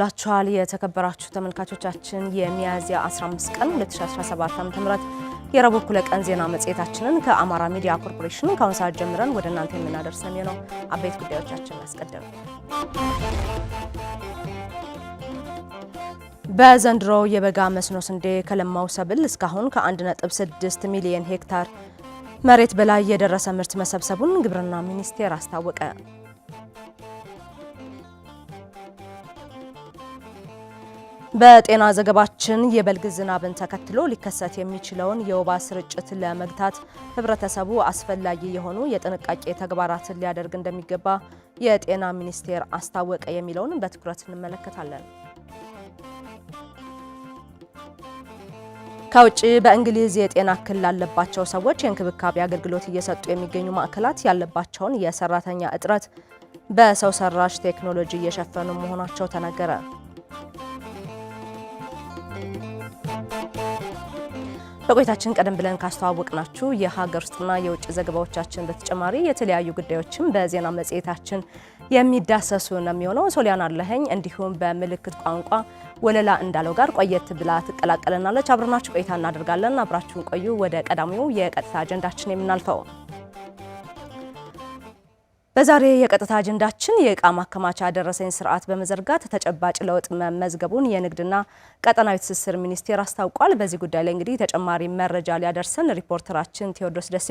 እንደምንውላችኋል የተከበራችሁ ተመልካቾቻችን የሚያዝያ 15 ቀን 2017 ዓ.ም የረቡዕ እኩለ ቀን ዜና መጽሔታችንን ከአማራ ሚዲያ ኮርፖሬሽን ከአሁን ሰዓት ጀምረን ወደ እናንተ የምናደርሰን ነው። አበይት ጉዳዮቻችን አስቀድም በዘንድሮ የበጋ መስኖ ስንዴ ከለማው ሰብል እስካሁን ከ1.6 ሚሊዮን ሄክታር መሬት በላይ የደረሰ ምርት መሰብሰቡን ግብርና ሚኒስቴር አስታወቀ። በጤና ዘገባችን የበልግ ዝናብን ተከትሎ ሊከሰት የሚችለውን የወባ ስርጭት ለመግታት ህብረተሰቡ አስፈላጊ የሆኑ የጥንቃቄ ተግባራትን ሊያደርግ እንደሚገባ የጤና ሚኒስቴር አስታወቀ የሚለውን በትኩረት እንመለከታለን። ከውጭ በእንግሊዝ የጤና እክል ላለባቸው ሰዎች የእንክብካቤ አገልግሎት እየሰጡ የሚገኙ ማዕከላት ያለባቸውን የሰራተኛ እጥረት በሰው ሰራሽ ቴክኖሎጂ እየሸፈኑ መሆናቸው ተነገረ። በቆይታችን ቀደም ብለን ካስተዋወቅናችሁ የሀገር ውስጥና የውጭ ዘገባዎቻችን በተጨማሪ የተለያዩ ጉዳዮችን በዜና መጽሔታችን የሚዳሰሱ ነው የሚሆነው። ሶሊያን አለኸኝ እንዲሁም በምልክት ቋንቋ ወለላ እንዳለው ጋር ቆየት ብላ ትቀላቀለናለች። አብረናችሁ ቆይታ እናደርጋለን። አብራችሁን ቆዩ። ወደ ቀዳሚው የቀጥታ አጀንዳችን የምናልፈው በዛሬ የቀጥታ አጀንዳችን የእቃ ማከማቻ ደረሰኝ ስርዓት በመዘርጋት ተጨባጭ ለውጥ መመዝገቡን የንግድና ቀጠናዊ ትስስር ሚኒስቴር አስታውቋል። በዚህ ጉዳይ ላይ እንግዲህ ተጨማሪ መረጃ ሊያደርሰን ሪፖርተራችን ቴዎድሮስ ደሴ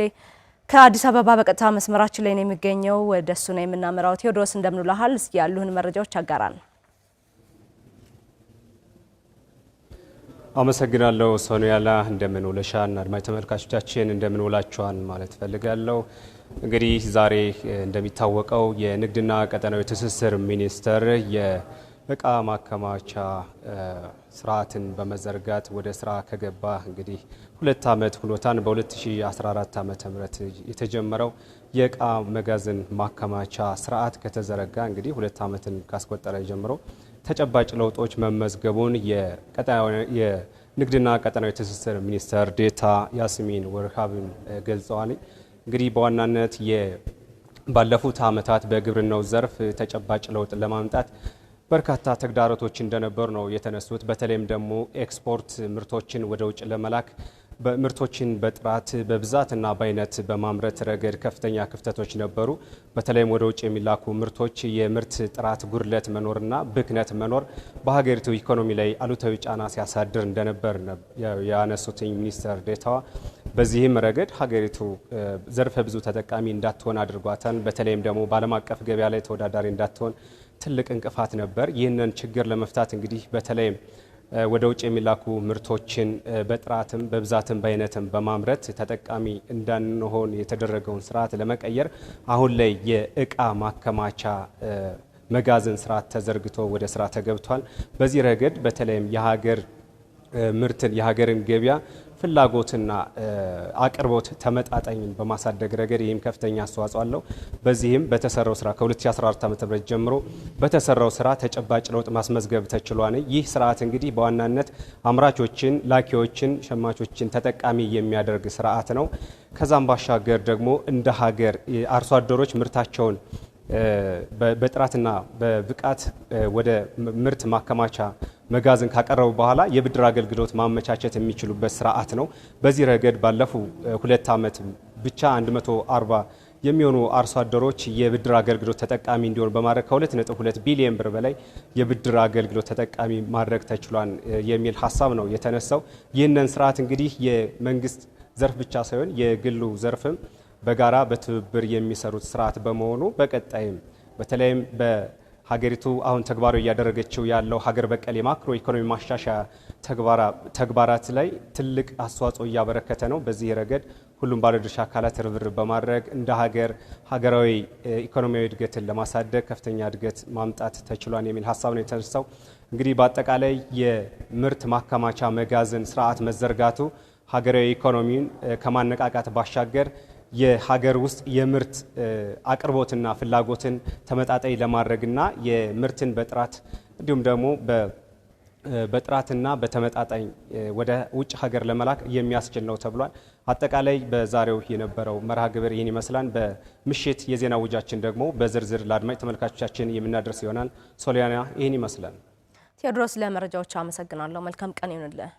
ከአዲስ አበባ በቀጥታ መስመራችን ላይ ነው የሚገኘው። ወደ እሱ ነው የምናመራው። ቴዎድሮስ እንደምንላሃል፣ ያሉህን መረጃዎች አጋራን። አመሰግናለሁ ሶኒያላ። እንደምን ውለሻን? አድማጭ ተመልካቾቻችን እንደምን ውላችኋን ማለት ፈልጋለሁ። እንግዲህ ዛሬ እንደሚታወቀው የንግድና ቀጠናዊ ትስስር ሚኒስቴር የእቃ ማከማቻ ስርዓትን በመዘርጋት ወደ ስራ ከገባ እንግዲህ ሁለት ዓመት ሁሎታን በ2014 ዓ ም የተጀመረው የእቃ መጋዘን ማከማቻ ስርዓት ከተዘረጋ እንግዲህ ሁለት ዓመትን ካስቆጠረ ጀምሮ ተጨባጭ ለውጦች መመዝገቡን የንግድና ቀጠናዊ ትስስር ሚኒስቴር ዴታ ያስሚን ወርሃብን ገልጸዋል። እንግዲህ በዋናነት ባለፉት ዓመታት በግብርናው ዘርፍ ተጨባጭ ለውጥ ለማምጣት በርካታ ተግዳሮቶች እንደነበሩ ነው የተነሱት። በተለይም ደግሞ ኤክስፖርት ምርቶችን ወደ ውጭ ለመላክ ምርቶችን በጥራት በብዛትና በአይነት በማምረት ረገድ ከፍተኛ ክፍተቶች ነበሩ። በተለይም ወደ ውጭ የሚላኩ ምርቶች የምርት ጥራት ጉድለት መኖርና ብክነት መኖር በሀገሪቱ ኢኮኖሚ ላይ አሉታዊ ጫና ሲያሳድር እንደነበር ያነሱትኝ ሚኒስትር ዴታዋ በዚህም ረገድ ሀገሪቱ ዘርፈ ብዙ ተጠቃሚ እንዳትሆን አድርጓታል። በተለይም ደግሞ በዓለም አቀፍ ገበያ ላይ ተወዳዳሪ እንዳትሆን ትልቅ እንቅፋት ነበር። ይህንን ችግር ለመፍታት እንግዲህ በተለይም ወደ ውጭ የሚላኩ ምርቶችን በጥራትም በብዛትም በአይነትም በማምረት ተጠቃሚ እንዳንሆን የተደረገውን ስርዓት ለመቀየር አሁን ላይ የእቃ ማከማቻ መጋዘን ስርዓት ተዘርግቶ ወደ ስራ ተገብቷል። በዚህ ረገድ በተለይም የሀገር ምርትን የሀገርን ገበያ ፍላጎትና አቅርቦት ተመጣጣኝን በማሳደግ ረገድ ይህም ከፍተኛ አስተዋጽኦ አለው። በዚህም በተሰራው ስራ ከ2014 ዓ.ም ጀምሮ በተሰራው ስራ ተጨባጭ ለውጥ ማስመዝገብ ተችሏል። ይህ ስርዓት እንግዲህ በዋናነት አምራቾችን፣ ላኪዎችን፣ ሸማቾችን ተጠቃሚ የሚያደርግ ስርዓት ነው። ከዛም ባሻገር ደግሞ እንደ ሀገር አርሶ አደሮች ምርታቸውን በጥራትና በብቃት ወደ ምርት ማከማቻ መጋዘን ካቀረቡ በኋላ የብድር አገልግሎት ማመቻቸት የሚችሉበት ስርዓት ነው። በዚህ ረገድ ባለፉ ሁለት ዓመት ብቻ 140 የሚሆኑ አርሶ አደሮች የብድር አገልግሎት ተጠቃሚ እንዲሆኑ በማድረግ ከ2.2 ቢሊዮን ብር በላይ የብድር አገልግሎት ተጠቃሚ ማድረግ ተችሏል የሚል ሀሳብ ነው የተነሳው። ይህንን ስርዓት እንግዲህ የመንግስት ዘርፍ ብቻ ሳይሆን የግሉ ዘርፍም በጋራ በትብብር የሚሰሩት ስርዓት በመሆኑ በቀጣይም በተለይም በሀገሪቱ አሁን ተግባራዊ እያደረገችው ያለው ሀገር በቀል የማክሮ ኢኮኖሚ ማሻሻያ ተግባራት ላይ ትልቅ አስተዋጽኦ እያበረከተ ነው። በዚህ ረገድ ሁሉም ባለድርሻ አካላት ርብርብ በማድረግ እንደ ሀገር ሀገራዊ ኢኮኖሚያዊ እድገትን ለማሳደግ ከፍተኛ እድገት ማምጣት ተችሏል የሚል ሀሳብ ነው የተነሳው። እንግዲህ በአጠቃላይ የምርት ማከማቻ መጋዘን ስርዓት መዘርጋቱ ሀገራዊ ኢኮኖሚን ከማነቃቃት ባሻገር የሀገር ውስጥ የምርት አቅርቦትና ፍላጎትን ተመጣጣኝ ለማድረግና የምርትን በጥራት እንዲሁም ደግሞ በጥራትና በተመጣጣኝ ወደ ውጭ ሀገር ለመላክ የሚያስችል ነው ተብሏል። አጠቃላይ በዛሬው የነበረው መርሃ ግብር ይህን ይመስላል። በምሽት የዜና ውጃችን ደግሞ በዝርዝር ለአድማጭ ተመልካቾቻችን የምናደርስ ይሆናል። ሶሊያና ይህን ይመስላል። ቴዎድሮስ፣ ለመረጃዎች አመሰግናለሁ። መልካም ቀን ይሁንልህ።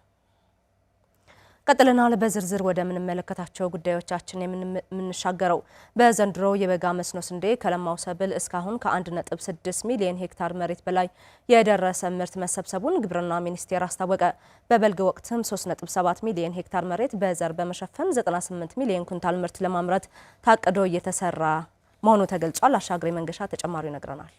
ቀጥለናል። በዝርዝር ወደምንመለከታቸው ጉዳዮቻችን የምንሻገረው በዘንድሮ የበጋ መስኖ ስንዴ ከለማው ሰብል እስካሁን ከ1.6 ሚሊዮን ሄክታር መሬት በላይ የደረሰ ምርት መሰብሰቡን ግብርና ሚኒስቴር አስታወቀ። በበልግ ወቅትም 3.7 ሚሊዮን ሄክታር መሬት በዘር በመሸፈን 98 ሚሊዮን ኩንታል ምርት ለማምረት ታቅዶ እየተሰራ መሆኑ ተገልጿል። አሻግሬ መንገሻ ተጨማሪ ይነግረናል።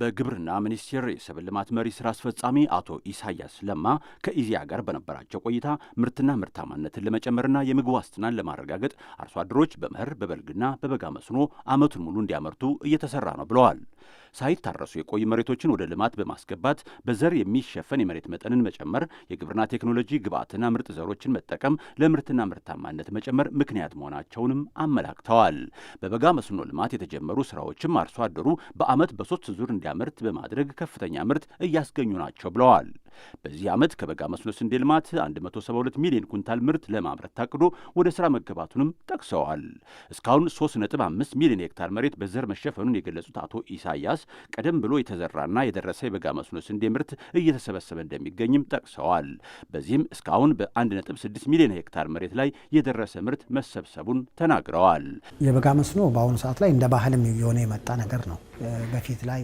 በግብርና ሚኒስቴር የሰብል ልማት መሪ ስራ አስፈጻሚ አቶ ኢሳያስ ለማ ከኢዚያ ጋር በነበራቸው ቆይታ ምርትና ምርታማነትን ለመጨመርና የምግብ ዋስትናን ለማረጋገጥ አርሶ አደሮች በመኸር በበልግና በበጋ መስኖ ዓመቱን ሙሉ እንዲያመርቱ እየተሰራ ነው ብለዋል። ሳይታረሱ የቆዩ መሬቶችን ወደ ልማት በማስገባት በዘር የሚሸፈን የመሬት መጠንን መጨመር፣ የግብርና ቴክኖሎጂ ግብዓትና ምርጥ ዘሮችን መጠቀም ለምርትና ምርታማነት መጨመር ምክንያት መሆናቸውንም አመላክተዋል። በበጋ መስኖ ልማት የተጀመሩ ስራዎችም አርሶ አደሩ በዓመት በሶስት ዙር እንዲያመርት በማድረግ ከፍተኛ ምርት እያስገኙ ናቸው ብለዋል። በዚህ ዓመት ከበጋ መስኖ ስንዴ ልማት 172 ሚሊዮን ኩንታል ምርት ለማምረት ታቅዶ ወደ ስራ መገባቱንም ጠቅሰዋል። እስካሁን 3.5 ሚሊዮን ሄክታር መሬት በዘር መሸፈኑን የገለጹት አቶ ኢሳያስ በመጥቀስ ቀደም ብሎ የተዘራና የደረሰ የበጋ መስኖ ስንዴ ምርት እየተሰበሰበ እንደሚገኝም ጠቅሰዋል። በዚህም እስካሁን በ1.6 ሚሊዮን ሄክታር መሬት ላይ የደረሰ ምርት መሰብሰቡን ተናግረዋል። የበጋ መስኖ በአሁኑ ሰዓት ላይ እንደ ባህልም እየሆነ የመጣ ነገር ነው። በፊት ላይ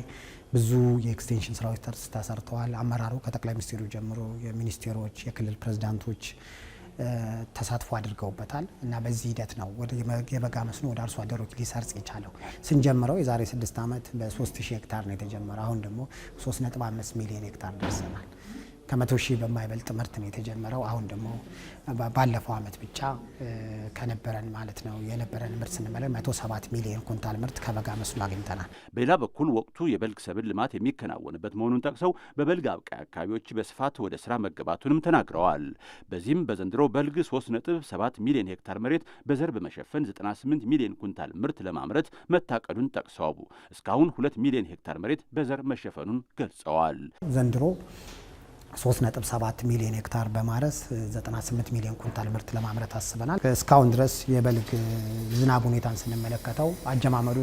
ብዙ የኤክስቴንሽን ስራዎች ተሰርተዋል። አመራሩ ከጠቅላይ ሚኒስቴሩ ጀምሮ የሚኒስቴሮች፣ የክልል ፕሬዚዳንቶች ተሳትፎ አድርገውበታል እና በዚህ ሂደት ነው የበጋ መስኖ ወደ አርሶ አደሮች ሊሰርጽ የቻለው። ስንጀምረው የዛሬ ስድስት ዓመት በ3000 ሄክታር ነው የተጀመረ። አሁን ደግሞ 3.5 ሚሊዮን ሄክታር ደርሰናል። ከመቶ ሺህ በማይበልጥ ምርት ነው የተጀመረው። አሁን ደግሞ ባለፈው ዓመት ብቻ ከነበረን ማለት ነው የነበረን ምርት ስንመለ መቶ ሰባት ሚሊዮን ኩንታል ምርት ከበጋ መስኖ አግኝተናል። በሌላ በኩል ወቅቱ የበልግ ሰብል ልማት የሚከናወንበት መሆኑን ጠቅሰው በበልግ አብቃይ አካባቢዎች በስፋት ወደ ስራ መገባቱንም ተናግረዋል። በዚህም በዘንድሮ በልግ 3.7 ሚሊዮን ሄክታር መሬት በዘር በመሸፈን 98 ሚሊዮን ኩንታል ምርት ለማምረት መታቀዱን ጠቅሰው እስካሁን 2 ሚሊዮን ሄክታር መሬት በዘር መሸፈኑን ገልጸዋል። ዘንድሮ 3.7 ሚሊዮን ሄክታር በማረስ 98 ሚሊዮን ኩንታል ምርት ለማምረት አስበናል። እስካሁን ድረስ የበልግ ዝናብ ሁኔታን ስንመለከተው አጀማመሩ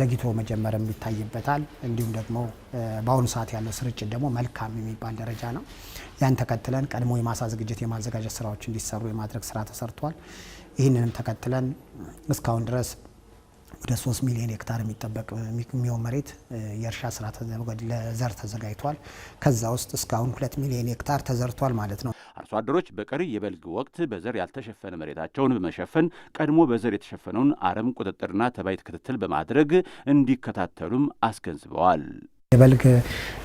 ዘግይቶ መጀመርም ይታይበታል። እንዲሁም ደግሞ በአሁኑ ሰዓት ያለው ስርጭት ደግሞ መልካም የሚባል ደረጃ ነው። ያን ተከትለን ቀድሞ የማሳ ዝግጅት የማዘጋጀት ስራዎች እንዲሰሩ የማድረግ ስራ ተሰርቷል። ይህንንም ተከትለን እስካሁን ድረስ ወደ 3 ሚሊዮን ሄክታር የሚጠበቅ የሚሆን መሬት የእርሻ ስራ ለዘር ተዘጋጅቷል። ከዛ ውስጥ እስካሁን 2 ሚሊዮን ሄክታር ተዘርቷል ማለት ነው። አርሶ አደሮች በቀሪ የበልግ ወቅት በዘር ያልተሸፈነ መሬታቸውን በመሸፈን ቀድሞ በዘር የተሸፈነውን አረም ቁጥጥርና ተባይት ክትትል በማድረግ እንዲከታተሉም አስገንዝበዋል። የበልግ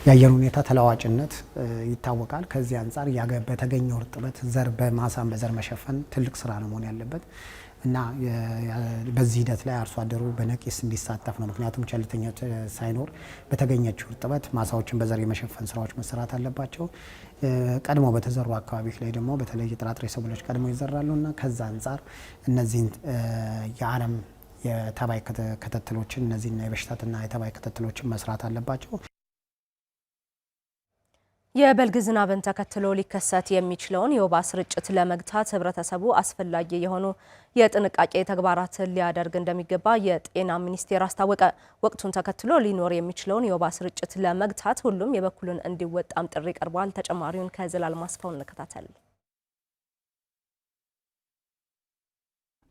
የአየር ሁኔታ ተለዋጭነት ይታወቃል። ከዚህ አንጻር በተገኘው እርጥበት ዘር በማሳን በዘር መሸፈን ትልቅ ስራ ነው መሆን ያለበት። እና በዚህ ሂደት ላይ አርሶ አደሩ በነቂስ እንዲሳተፍ ነው። ምክንያቱም ቸልተኛ ሳይኖር በተገኘችው እርጥበት ማሳዎችን በዘር የመሸፈን ስራዎች መሰራት አለባቸው። ቀድሞ በተዘሩ አካባቢዎች ላይ ደግሞ በተለይ የጥራጥሬ ሰብሎች ቀድሞ ይዘራሉ እና ከዛ አንጻር እነዚህን የአለም የተባይ ክትትሎችን እነዚህና የበሽታትና የተባይ ክትትሎችን መስራት አለባቸው። የበልግ ዝናብን ተከትሎ ሊከሰት የሚችለውን የወባ ስርጭት ለመግታት ህብረተሰቡ አስፈላጊ የሆኑ የጥንቃቄ ተግባራትን ሊያደርግ እንደሚገባ የጤና ሚኒስቴር አስታወቀ። ወቅቱን ተከትሎ ሊኖር የሚችለውን የወባ ስርጭት ለመግታት ሁሉም የበኩሉን እንዲወጣም ጥሪ ቀርቧል። ተጨማሪውን ከዘላል ማስፋውን እንከታተል።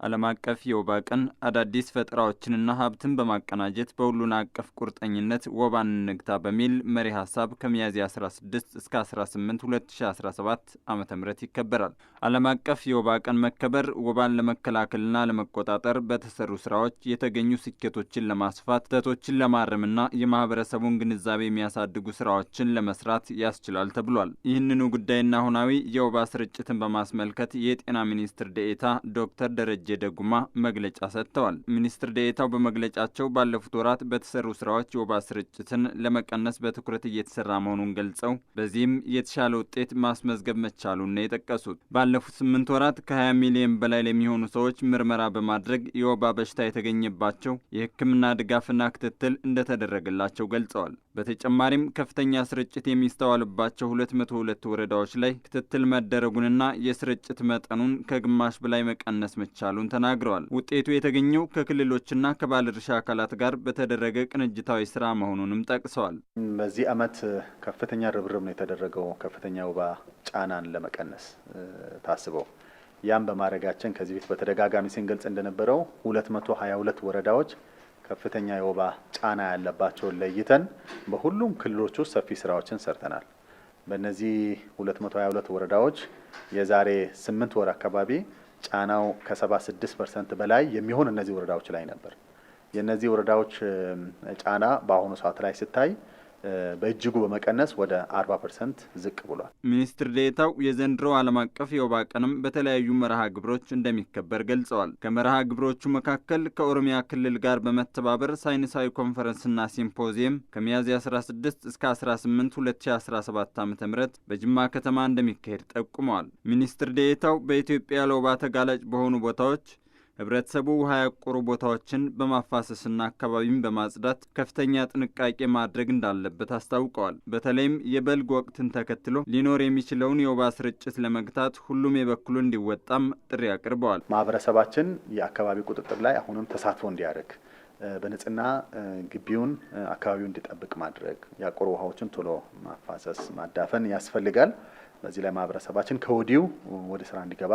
ዓለም አቀፍ የወባ ቀን አዳዲስ ፈጠራዎችንና ሀብትን በማቀናጀት በሁሉን አቀፍ ቁርጠኝነት ወባን እንግታ በሚል መሪ ሀሳብ ከሚያዝያ 16 እስከ 18 2017 ዓ ም ይከበራል። ዓለም አቀፍ የወባ ቀን መከበር ወባን ለመከላከልና ለመቆጣጠር በተሰሩ ስራዎች የተገኙ ስኬቶችን ለማስፋት፣ ተቶችን ለማረምና የማህበረሰቡን ግንዛቤ የሚያሳድጉ ስራዎችን ለመስራት ያስችላል ተብሏል። ይህንኑ ጉዳይና አሁናዊ የወባ ስርጭትን በማስመልከት የጤና ሚኒስትር ደኤታ ዶክተር ደረጃ ደረጀ ደጉማ መግለጫ ሰጥተዋል። ሚኒስትር ዴኤታው በመግለጫቸው ባለፉት ወራት በተሰሩ ስራዎች የወባ ስርጭትን ለመቀነስ በትኩረት እየተሰራ መሆኑን ገልጸው በዚህም የተሻለ ውጤት ማስመዝገብ መቻሉን ነው የጠቀሱት። ባለፉት ስምንት ወራት ከ20 ሚሊዮን በላይ ለሚሆኑ ሰዎች ምርመራ በማድረግ የወባ በሽታ የተገኘባቸው የሕክምና ድጋፍና ክትትል እንደተደረገላቸው ገልጸዋል። በተጨማሪም ከፍተኛ ስርጭት የሚስተዋልባቸው 202 ወረዳዎች ላይ ክትትል መደረጉንና የስርጭት መጠኑን ከግማሽ በላይ መቀነስ መቻሉን ተናግረዋል። ውጤቱ የተገኘው ከክልሎችና ከባለድርሻ አካላት ጋር በተደረገ ቅንጅታዊ ስራ መሆኑንም ጠቅሰዋል። በዚህ ዓመት ከፍተኛ ርብርብ ነው የተደረገው ከፍተኛ ወባ ጫናን ለመቀነስ ታስበው ያም በማድረጋችን ከዚህ ቤት በተደጋጋሚ ስንገልጽ እንደነበረው 222 ወረዳዎች ከፍተኛ የወባ ጫና ያለባቸውን ለይተን በሁሉም ክልሎች ውስጥ ሰፊ ስራዎችን ሰርተናል። በእነዚህ 222 ወረዳዎች የዛሬ 8 ወር አካባቢ ጫናው ከ76 ፐርሰንት በላይ የሚሆን እነዚህ ወረዳዎች ላይ ነበር። የእነዚህ ወረዳዎች ጫና በአሁኑ ሰዓት ላይ ሲታይ በእጅጉ በመቀነስ ወደ 40 ፐርሰንት ዝቅ ብሏል። ሚኒስትር ዴኤታው የዘንድሮ ዓለም አቀፍ የወባ ቀንም በተለያዩ መርሃ ግብሮች እንደሚከበር ገልጸዋል። ከመርሃ ግብሮቹ መካከል ከኦሮሚያ ክልል ጋር በመተባበር ሳይንሳዊ ኮንፈረንስና ሲምፖዚየም ከሚያዝያ 16 እስከ 18 2017 ዓ ም በጅማ ከተማ እንደሚካሄድ ጠቁመዋል። ሚኒስትር ዴኤታው በኢትዮጵያ ለወባ ተጋላጭ በሆኑ ቦታዎች ህብረተሰቡ ውሃ ያቆሩ ቦታዎችን በማፋሰስና አካባቢን በማጽዳት ከፍተኛ ጥንቃቄ ማድረግ እንዳለበት አስታውቀዋል። በተለይም የበልግ ወቅትን ተከትሎ ሊኖር የሚችለውን የወባ ስርጭት ለመግታት ሁሉም የበኩሉ እንዲወጣም ጥሪ አቅርበዋል። ማህበረሰባችን የአካባቢ ቁጥጥር ላይ አሁንም ተሳትፎ እንዲያደርግ በንጽህና ግቢውን አካባቢው እንዲጠብቅ ማድረግ፣ ያቆሩ ውሃዎችን ቶሎ ማፋሰስ ማዳፈን ያስፈልጋል። በዚህ ላይ ማህበረሰባችን ከወዲሁ ወደ ስራ እንዲገባ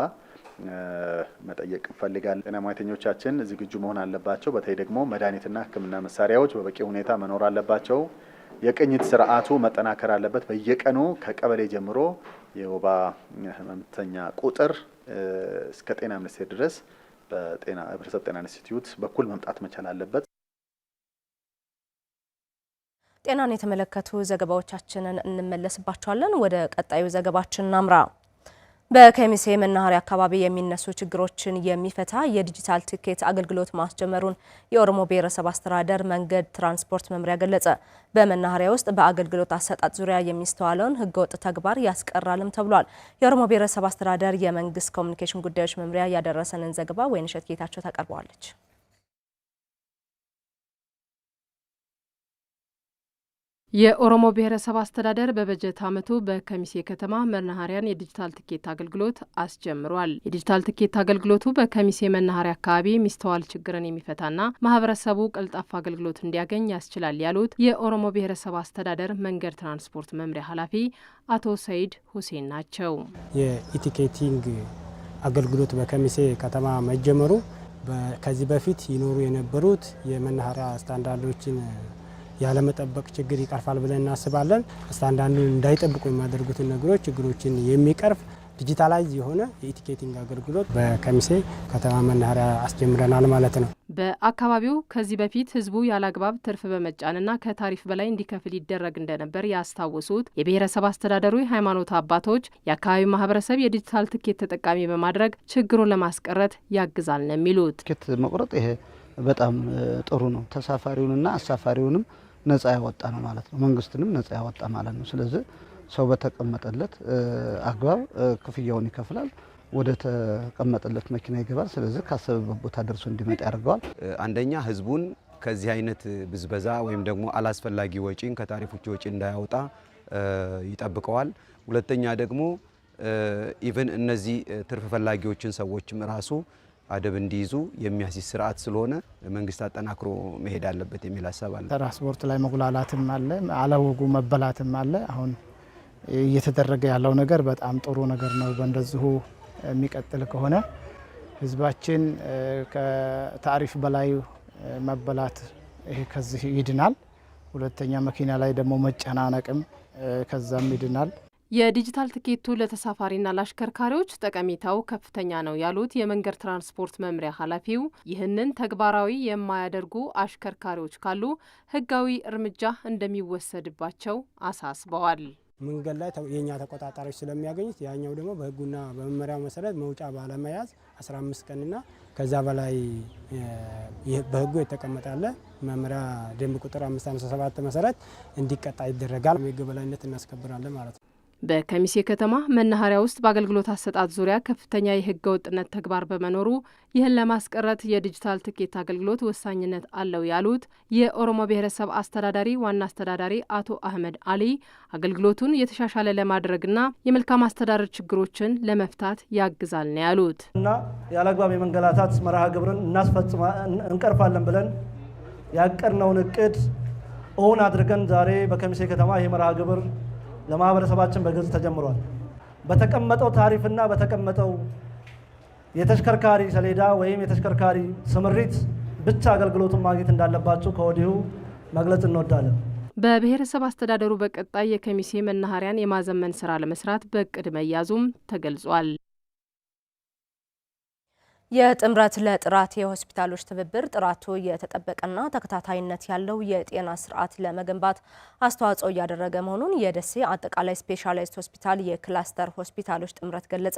መጠየቅ እንፈልጋለን። ጤና ሙያተኞቻችን ዝግጁ መሆን አለባቸው። በተለይ ደግሞ መድኃኒትና ሕክምና መሳሪያዎች በበቂ ሁኔታ መኖር አለባቸው። የቅኝት ስርዓቱ መጠናከር አለበት። በየቀኑ ከቀበሌ ጀምሮ የወባ ህመምተኛ ቁጥር እስከ ጤና ሚኒስቴር ድረስ በህብረተሰብ ጤና ኢንስቲትዩት በኩል መምጣት መቻል አለበት። ጤናን የተመለከቱ ዘገባዎቻችንን እንመለስባቸዋለን። ወደ ቀጣዩ ዘገባችን እናምራ። በከሚሴ መናኸሪያ አካባቢ የሚነሱ ችግሮችን የሚፈታ የዲጂታል ትኬት አገልግሎት ማስጀመሩን የኦሮሞ ብሔረሰብ አስተዳደር መንገድ ትራንስፖርት መምሪያ ገለጸ። በመናኸሪያ ውስጥ በአገልግሎት አሰጣጥ ዙሪያ የሚስተዋለውን ሕገወጥ ተግባር ያስቀራልም ተብሏል። የኦሮሞ ብሔረሰብ አስተዳደር የመንግስት ኮሚኒኬሽን ጉዳዮች መምሪያ ያደረሰንን ዘገባ ወይንሸት ጌታቸው ታቀርበዋለች። የኦሮሞ ብሔረሰብ አስተዳደር በበጀት ዓመቱ በከሚሴ ከተማ መናኸሪያን የዲጂታል ትኬት አገልግሎት አስጀምሯል። የዲጂታል ትኬት አገልግሎቱ በከሚሴ መናኸሪያ አካባቢ ሚስተዋል ችግርን የሚፈታና ማህበረሰቡ ቀልጣፋ አገልግሎት እንዲያገኝ ያስችላል ያሉት የኦሮሞ ብሔረሰብ አስተዳደር መንገድ ትራንስፖርት መምሪያ ኃላፊ አቶ ሰይድ ሁሴን ናቸው። የኢቲኬቲንግ አገልግሎት በከሚሴ ከተማ መጀመሩ ከዚህ በፊት ይኖሩ የነበሩት የመናኸሪያ ስታንዳርዶችን ያለመጠበቅ ችግር ይቀርፋል ብለን እናስባለን። ስታንዳርዱን እንዳይጠብቁ የሚያደርጉትን ነገሮች ችግሮችን የሚቀርፍ ዲጂታላይዝ የሆነ የኢቲኬቲንግ አገልግሎት በከሚሴ ከተማ መናኸሪያ አስጀምረናል ማለት ነው። በአካባቢው ከዚህ በፊት ህዝቡ ያለአግባብ ትርፍ በመጫንና ከታሪፍ በላይ እንዲከፍል ይደረግ እንደነበር ያስታወሱት የብሔረሰብ አስተዳደሩ የሃይማኖት አባቶች የአካባቢው ማህበረሰብ የዲጂታል ትኬት ተጠቃሚ በማድረግ ችግሩን ለማስቀረት ያግዛል ነው የሚሉት። ትኬት መቁረጥ ይሄ በጣም ጥሩ ነው። ተሳፋሪውንና አሳፋሪውንም ነጻ ያወጣ ነው ማለት ነው። መንግስትንም ነጻ ያወጣ ማለት ነው። ስለዚህ ሰው በተቀመጠለት አግባብ ክፍያውን ይከፍላል፣ ወደ ተቀመጠለት መኪና ይገባል። ስለዚህ ካሰበበት ቦታ ደርሶ እንዲመጣ ያደርገዋል። አንደኛ ህዝቡን ከዚህ አይነት ብዝበዛ ወይም ደግሞ አላስፈላጊ ወጪን ከታሪፍ ውጭ ወጪ እንዳያወጣ ይጠብቀዋል። ሁለተኛ ደግሞ ኢቨን እነዚህ ትርፍ ፈላጊዎችን ሰዎችም ራሱ አደብ እንዲይዙ የሚያስይዝ ስርዓት ስለሆነ መንግስት አጠናክሮ መሄድ አለበት የሚል ሀሳብ አለ። ትራንስፖርት ላይ መጉላላትም አለ፣ አለወጉ መበላትም አለ። አሁን እየተደረገ ያለው ነገር በጣም ጥሩ ነገር ነው። በእንደዚሁ የሚቀጥል ከሆነ ህዝባችን ከታሪፍ በላይ መበላት ይሄ ከዚህ ይድናል። ሁለተኛ መኪና ላይ ደግሞ መጨናነቅም ከዛም ይድናል። የዲጂታል ትኬቱ ለተሳፋሪና ለአሽከርካሪዎች ጠቀሜታው ከፍተኛ ነው ያሉት የመንገድ ትራንስፖርት መምሪያ ኃላፊው ይህንን ተግባራዊ የማያደርጉ አሽከርካሪዎች ካሉ ሕጋዊ እርምጃ እንደሚወሰድባቸው አሳስበዋል። መንገድ ላይ የእኛ ተቆጣጣሪዎች ስለሚያገኙት ያኛው ደግሞ በሕጉና በመመሪያው መሰረት መውጫ ባለመያዝ 15 ቀንና ከዛ በላይ በሕጉ የተቀመጠለ መመሪያ ደንብ ቁጥር 557 መሰረት እንዲቀጣ ይደረጋል። ሕግ በላይነት እናስከብራለን ማለት ነው። በከሚሴ ከተማ መናኸሪያ ውስጥ በአገልግሎት አሰጣጥ ዙሪያ ከፍተኛ የህገ ወጥነት ተግባር በመኖሩ ይህን ለማስቀረት የዲጂታል ትኬት አገልግሎት ወሳኝነት አለው ያሉት የኦሮሞ ብሔረሰብ አስተዳዳሪ ዋና አስተዳዳሪ አቶ አህመድ አሊ አገልግሎቱን የተሻሻለ ለማድረግና የመልካም አስተዳደር ችግሮችን ለመፍታት ያግዛል ነው ያሉት እና ያለ የመንገላታት መርሃ ግብርን እናስፈጽማ እንቀርፋለን ብለን ያቀድነውን እቅድ እውን አድርገን ዛሬ በከሚሴ ከተማ ይህ መርሃ ግብር ለማህበረሰባችን በግልጽ ተጀምሯል። በተቀመጠው ታሪፍና በተቀመጠው የተሽከርካሪ ሰሌዳ ወይም የተሽከርካሪ ስምሪት ብቻ አገልግሎቱን ማግኘት እንዳለባቸው ከወዲሁ መግለጽ እንወዳለን። በብሔረሰብ አስተዳደሩ በቀጣይ የከሚሴ መናኸሪያን የማዘመን ስራ ለመስራት በእቅድ መያዙም ተገልጿል። የጥምረት ለጥራት የሆስፒታሎች ትብብር ጥራቱ የተጠበቀና ተከታታይነት ያለው የጤና ስርዓት ለመገንባት አስተዋጽኦ እያደረገ መሆኑን የደሴ አጠቃላይ ስፔሻላይዝድ ሆስፒታል የክላስተር ሆስፒታሎች ጥምረት ገለጸ።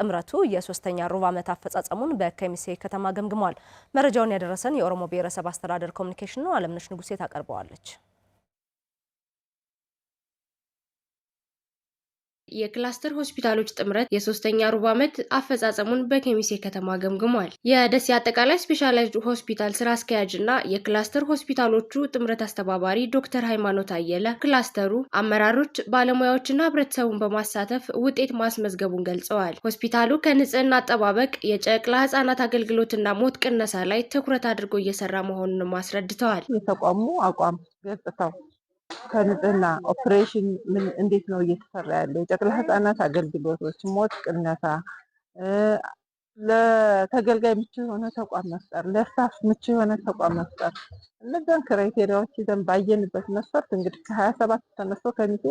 ጥምረቱ የሶስተኛ ሩብ ዓመት አፈጻጸሙን በከሚሴ ከተማ ገምግሟል። መረጃውን ያደረሰን የኦሮሞ ብሔረሰብ አስተዳደር ኮሚኒኬሽን ነው። አለምነሽ ንጉሴ ታቀርበዋለች። የክላስተር ሆስፒታሎች ጥምረት የሶስተኛ ሩብ ዓመት አፈጻጸሙን በኬሚሴ ከተማ ገምግሟል። የደሴ አጠቃላይ ስፔሻላይዝድ ሆስፒታል ስራ አስኪያጅ እና የክላስተር ሆስፒታሎቹ ጥምረት አስተባባሪ ዶክተር ሃይማኖት አየለ ክላስተሩ አመራሮች፣ ባለሙያዎችና ህብረተሰቡን በማሳተፍ ውጤት ማስመዝገቡን ገልጸዋል። ሆስፒታሉ ከንጽህና አጠባበቅ፣ የጨቅላ ህጻናት አገልግሎትና ሞት ቅነሳ ላይ ትኩረት አድርጎ እየሰራ መሆኑንም አስረድተዋል። የተቋሙ አቋም ገጽታው ከንጽህና ኦፕሬሽን ምን እንዴት ነው እየተሰራ ያለው? የጨቅላ ህጻናት አገልግሎቶች፣ ሞት ቅነሳ፣ ለተገልጋይ ምቹ የሆነ ተቋም መፍጠር፣ ለስታፍ ምቹ የሆነ ተቋም መፍጠር፣ እነዚያን ክራይቴሪያዎች ይዘን ባየንበት መስፈርት እንግዲህ ከሀያ ሰባት ተነስቶ ከሚቴ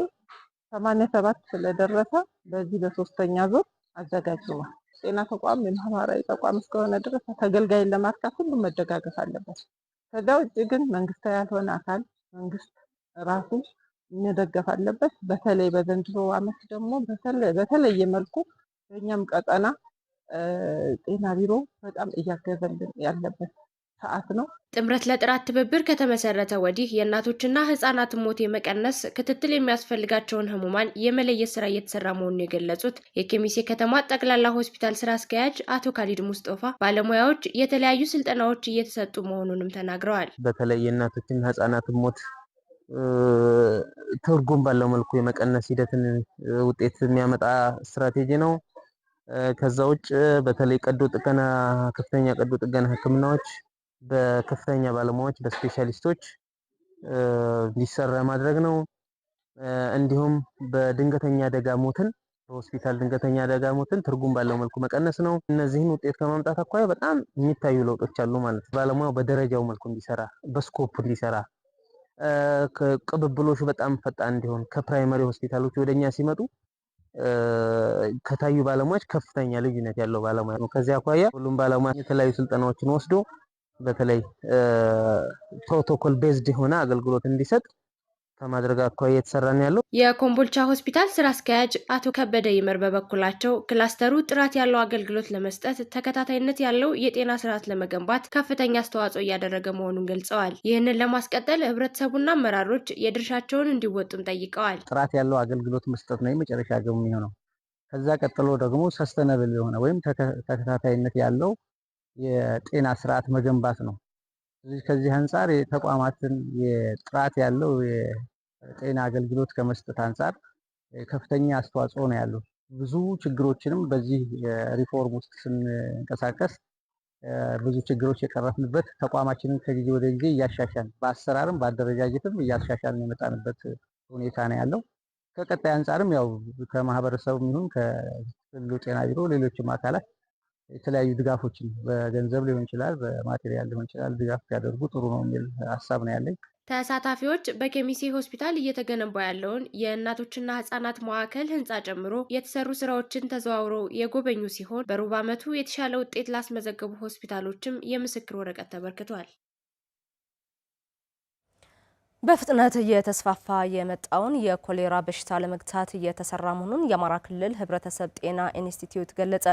ሰማንያ ሰባት ስለደረሰ በዚህ በሶስተኛ ዙር አዘጋጅኗል። ጤና ተቋም የማህበራዊ ተቋም እስከሆነ ድረስ ተገልጋይን ለማርካት ሁሉም መደጋገፍ አለበት። ከዛ ውጭ ግን መንግስታዊ ያልሆነ አካል መንግስት ራሱ መደገፍ አለበት። በተለይ በዘንድሮ ዓመት ደግሞ በተለየ መልኩ በእኛም ቀጠና ጤና ቢሮ በጣም እያገዘልን ያለበት ሰዓት ነው። ጥምረት ለጥራት ትብብር ከተመሰረተ ወዲህ የእናቶችና ህጻናትን ሞት የመቀነስ ክትትል የሚያስፈልጋቸውን ህሙማን የመለየት ስራ እየተሰራ መሆኑን የገለጹት የኬሚሴ ከተማ ጠቅላላ ሆስፒታል ስራ አስኪያጅ አቶ ካሊድ ሙስጦፋ ባለሙያዎች የተለያዩ ስልጠናዎች እየተሰጡ መሆኑንም ተናግረዋል። በተለይ የእናቶችና ህጻናትን ሞት ትርጉም ባለው መልኩ የመቀነስ ሂደትን ውጤት የሚያመጣ ስትራቴጂ ነው። ከዛ ውጭ በተለይ ቀዶ ጥገና ከፍተኛ ቀዶ ጥገና ህክምናዎች በከፍተኛ ባለሙያዎች በስፔሻሊስቶች እንዲሰራ ማድረግ ነው። እንዲሁም በድንገተኛ አደጋ ሞትን በሆስፒታል ድንገተኛ አደጋ ሞትን ትርጉም ባለው መልኩ መቀነስ ነው። እነዚህን ውጤት ከማምጣት አኳያ በጣም የሚታዩ ለውጦች አሉ ማለት ነው። ባለሙያው በደረጃው መልኩ እንዲሰራ በስኮፕ እንዲሰራ ቅብብሎሹ በጣም ፈጣን እንዲሆን ከፕራይመሪ ሆስፒታሎች ወደኛ ሲመጡ ከታዩ ባለሙያዎች ከፍተኛ ልዩነት ያለው ባለሙያ ነው። ከዚያ አኳያ ሁሉም ባለሙያ የተለያዩ ስልጠናዎችን ወስዶ በተለይ ፕሮቶኮል ቤዝድ የሆነ አገልግሎት እንዲሰጥ ከማድረግ አኳያ የተሰራ ነው ያለው። የኮምቦልቻ ሆስፒታል ስራ አስኪያጅ አቶ ከበደ ይመር በበኩላቸው ክላስተሩ ጥራት ያለው አገልግሎት ለመስጠት ተከታታይነት ያለው የጤና ስርዓት ለመገንባት ከፍተኛ አስተዋጽኦ እያደረገ መሆኑን ገልጸዋል። ይህንን ለማስቀጠል ህብረተሰቡና አመራሮች የድርሻቸውን እንዲወጡም ጠይቀዋል። ጥራት ያለው አገልግሎት መስጠት ነው የመጨረሻ ግብ የሚሆነው። ከዛ ቀጥሎ ደግሞ ሰስተነብል የሆነ ወይም ተከታታይነት ያለው የጤና ስርዓት መገንባት ነው። ስለዚህ ከዚህ አንጻር የተቋማትን የጥራት ያለው የጤና አገልግሎት ከመስጠት አንጻር ከፍተኛ አስተዋጽኦ ነው ያለው። ብዙ ችግሮችንም በዚህ ሪፎርም ውስጥ ስንንቀሳቀስ ብዙ ችግሮች የቀረፍንበት ተቋማችንን ከጊዜ ወደ ጊዜ እያሻሻን በአሰራርም በአደረጃጀትም እያሻሻል የመጣንበት ሁኔታ ነው ያለው። ከቀጣይ አንጻርም ያው ከማህበረሰቡም ይሁን ከክልሉ ጤና ቢሮ ሌሎችም አካላት የተለያዩ ድጋፎችን በገንዘብ ሊሆን ይችላል፣ በማቴሪያል ሊሆን ይችላል ድጋፍ ቢያደርጉ ጥሩ ነው የሚል ሀሳብ ነው ያለኝ። ተሳታፊዎች በኬሚሴ ሆስፒታል እየተገነባ ያለውን የእናቶችና ህጻናት መዋከል ህንፃ ጨምሮ የተሰሩ ስራዎችን ተዘዋውረው የጎበኙ ሲሆን በሩብ ዓመቱ የተሻለ ውጤት ላስመዘገቡ ሆስፒታሎችም የምስክር ወረቀት ተበርክቷል። በፍጥነት እየተስፋፋ የመጣውን የኮሌራ በሽታ ለመግታት እየተሰራ መሆኑን የአማራ ክልል ህብረተሰብ ጤና ኢንስቲትዩት ገለጸ።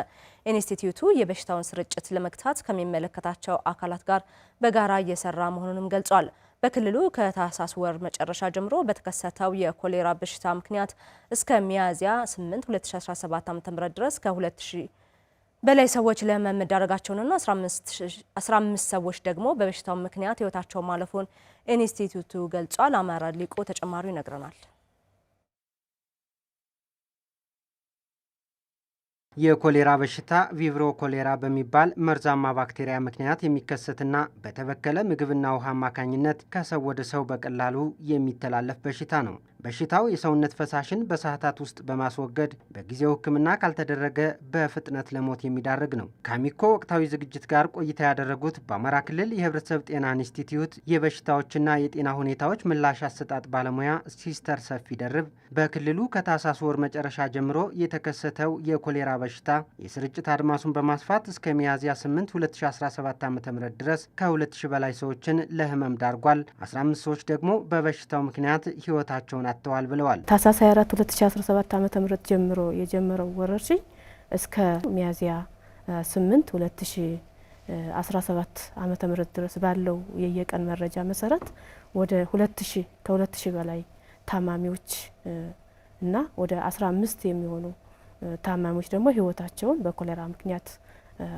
ኢንስቲትዩቱ የበሽታውን ስርጭት ለመግታት ከሚመለከታቸው አካላት ጋር በጋራ እየሰራ መሆኑንም ገልጿል። በክልሉ ከታህሳስ ወር መጨረሻ ጀምሮ በተከሰተው የኮሌራ በሽታ ምክንያት እስከ ሚያዝያ 8 2017 ዓ.ም ድረስ ከ2 በላይ ሰዎች ለህመም መዳረጋቸውንና 15 ሰዎች ደግሞ በበሽታው ምክንያት ህይወታቸው ማለፉን ኢንስቲትዩቱ ገልጿል። አማራ ሊቆ ተጨማሪ ይነግረናል። የኮሌራ በሽታ ቪብሮ ኮሌራ በሚባል መርዛማ ባክቴሪያ ምክንያት የሚከሰትና በተበከለ ምግብና ውሃ አማካኝነት ከሰው ወደ ሰው በቀላሉ የሚተላለፍ በሽታ ነው። በሽታው የሰውነት ፈሳሽን በሰዓታት ውስጥ በማስወገድ በጊዜው ሕክምና ካልተደረገ በፍጥነት ለሞት የሚዳርግ ነው። ከአሚኮ ወቅታዊ ዝግጅት ጋር ቆይታ ያደረጉት በአማራ ክልል የህብረተሰብ ጤና ኢንስቲትዩት የበሽታዎችና የጤና ሁኔታዎች ምላሽ አሰጣጥ ባለሙያ ሲስተር ሰፊ ደርብ በክልሉ ከታህሳስ ወር መጨረሻ ጀምሮ የተከሰተው የኮሌራ በሽታ የስርጭት አድማሱን በማስፋት እስከ ሚያዝያ 8 2017 ዓ.ም ድረስ ከ2000 በላይ ሰዎችን ለህመም ዳርጓል። 15 ሰዎች ደግሞ በበሽታው ምክንያት ህይወታቸውን ሰጥተዋል ብለዋል። ታህሳስ 24 2017 ዓ ም ጀምሮ የጀመረው ወረርሽኝ እስከ ሚያዝያ 8 2017 ዓ ም ድረስ ባለው የየቀን መረጃ መሰረት ወደ 2000 ከ2000 በላይ ታማሚዎች እና ወደ 15 የሚሆኑ ታማሚዎች ደግሞ ህይወታቸውን በኮሌራ ምክንያት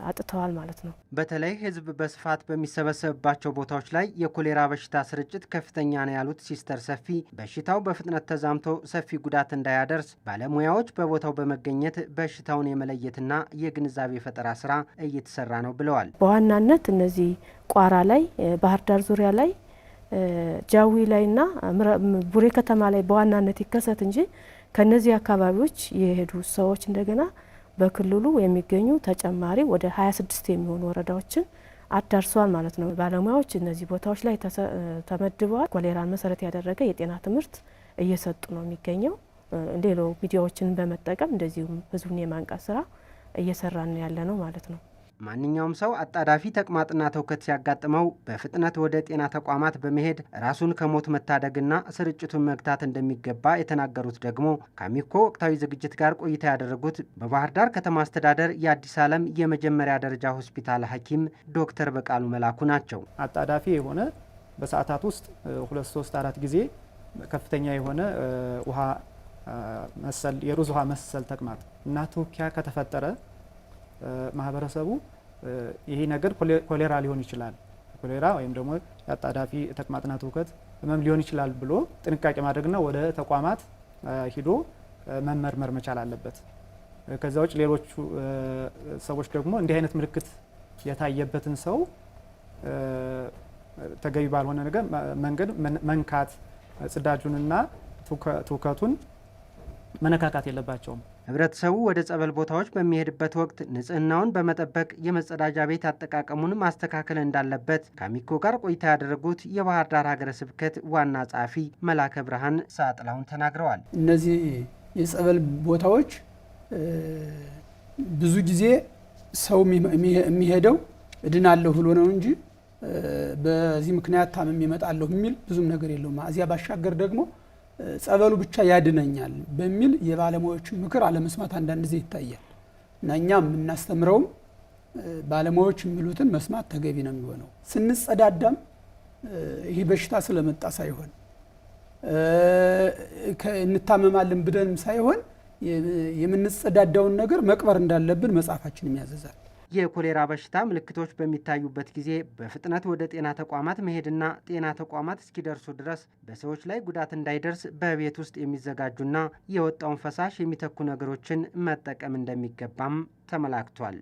አጥተዋል ማለት ነው። በተለይ ህዝብ በስፋት በሚሰበሰብባቸው ቦታዎች ላይ የኮሌራ በሽታ ስርጭት ከፍተኛ ነው ያሉት ሲስተር ሰፊ በሽታው በፍጥነት ተዛምቶ ሰፊ ጉዳት እንዳያደርስ ባለሙያዎች በቦታው በመገኘት በሽታውን የመለየትና የግንዛቤ ፈጠራ ስራ እየተሰራ ነው ብለዋል። በዋናነት እነዚህ ቋራ ላይ፣ ባህር ዳር ዙሪያ ላይ፣ ጃዊ ላይና ቡሬ ከተማ ላይ በዋናነት ይከሰት እንጂ ከነዚህ አካባቢዎች የሄዱ ሰዎች እንደገና በክልሉ የሚገኙ ተጨማሪ ወደ 26 የሚሆኑ ወረዳዎችን አዳርሷል ማለት ነው። ባለሙያዎች እነዚህ ቦታዎች ላይ ተመድበዋል። ኮሌራን መሰረት ያደረገ የጤና ትምህርት እየሰጡ ነው የሚገኘው። ሌሎ ሚዲያዎችን በመጠቀም እንደዚሁም ህዝቡን የማንቃት ስራ እየሰራን ያለ ነው ማለት ነው። ማንኛውም ሰው አጣዳፊ ተቅማጥና ተውከት ሲያጋጥመው በፍጥነት ወደ ጤና ተቋማት በመሄድ ራሱን ከሞት መታደግና ስርጭቱን መግታት እንደሚገባ የተናገሩት ደግሞ ከአሚኮ ወቅታዊ ዝግጅት ጋር ቆይታ ያደረጉት በባህር ዳር ከተማ አስተዳደር የአዲስ ዓለም የመጀመሪያ ደረጃ ሆስፒታል ሐኪም ዶክተር በቃሉ መላኩ ናቸው። አጣዳፊ የሆነ በሰዓታት ውስጥ ሁለት ሶስት አራት ጊዜ ከፍተኛ የሆነ ውሃ መሰል የሩዝ ውሃ መሰል ተቅማጥ እና ትውኪያ ከተፈጠረ ማህበረሰቡ ይሄ ነገር ኮሌራ ሊሆን ይችላል ኮሌራ ወይም ደግሞ የአጣዳፊ ተቅማጥና ትውከት ህመም ሊሆን ይችላል ብሎ ጥንቃቄ ማድረግና ወደ ተቋማት ሂዶ መመርመር መቻል አለበት። ከዛ ውጭ ሌሎቹ ሰዎች ደግሞ እንዲህ አይነት ምልክት የታየበትን ሰው ተገቢ ባልሆነ ነገር መንገድ መንካት፣ ጽዳጁንና ትውከቱን መነካካት የለባቸውም። ህብረተሰቡ ወደ ጸበል ቦታዎች በሚሄድበት ወቅት ንጽህናውን በመጠበቅ የመጸዳጃ ቤት አጠቃቀሙን ማስተካከል እንዳለበት ከአሚኮ ጋር ቆይታ ያደረጉት የባህር ዳር ሀገረ ስብከት ዋና ጸሐፊ መላከ ብርሃን ሳጥላውን ተናግረዋል። እነዚህ የጸበል ቦታዎች ብዙ ጊዜ ሰው የሚሄደው እድናለሁ ብሎ ነው እንጂ በዚህ ምክንያት ታምም ይመጣለሁ የሚል ብዙም ነገር የለውም። እዚያ ባሻገር ደግሞ ጸበሉ ብቻ ያድነኛል በሚል የባለሙያዎችን ምክር አለመስማት አንዳንድ ጊዜ ይታያል እና እኛ የምናስተምረውም ባለሙያዎች የሚሉትን መስማት ተገቢ ነው የሚሆነው። ስንጸዳዳም ይህ በሽታ ስለመጣ ሳይሆን እንታመማለን ብለንም ሳይሆን የምንጸዳዳውን ነገር መቅበር እንዳለብን መጽሐፋችን ያዘዛል። የኮሌራ በሽታ ምልክቶች በሚታዩበት ጊዜ በፍጥነት ወደ ጤና ተቋማት መሄድና ጤና ተቋማት እስኪደርሱ ድረስ በሰዎች ላይ ጉዳት እንዳይደርስ በቤት ውስጥ የሚዘጋጁና የወጣውን ፈሳሽ የሚተኩ ነገሮችን መጠቀም እንደሚገባም ተመላክቷል።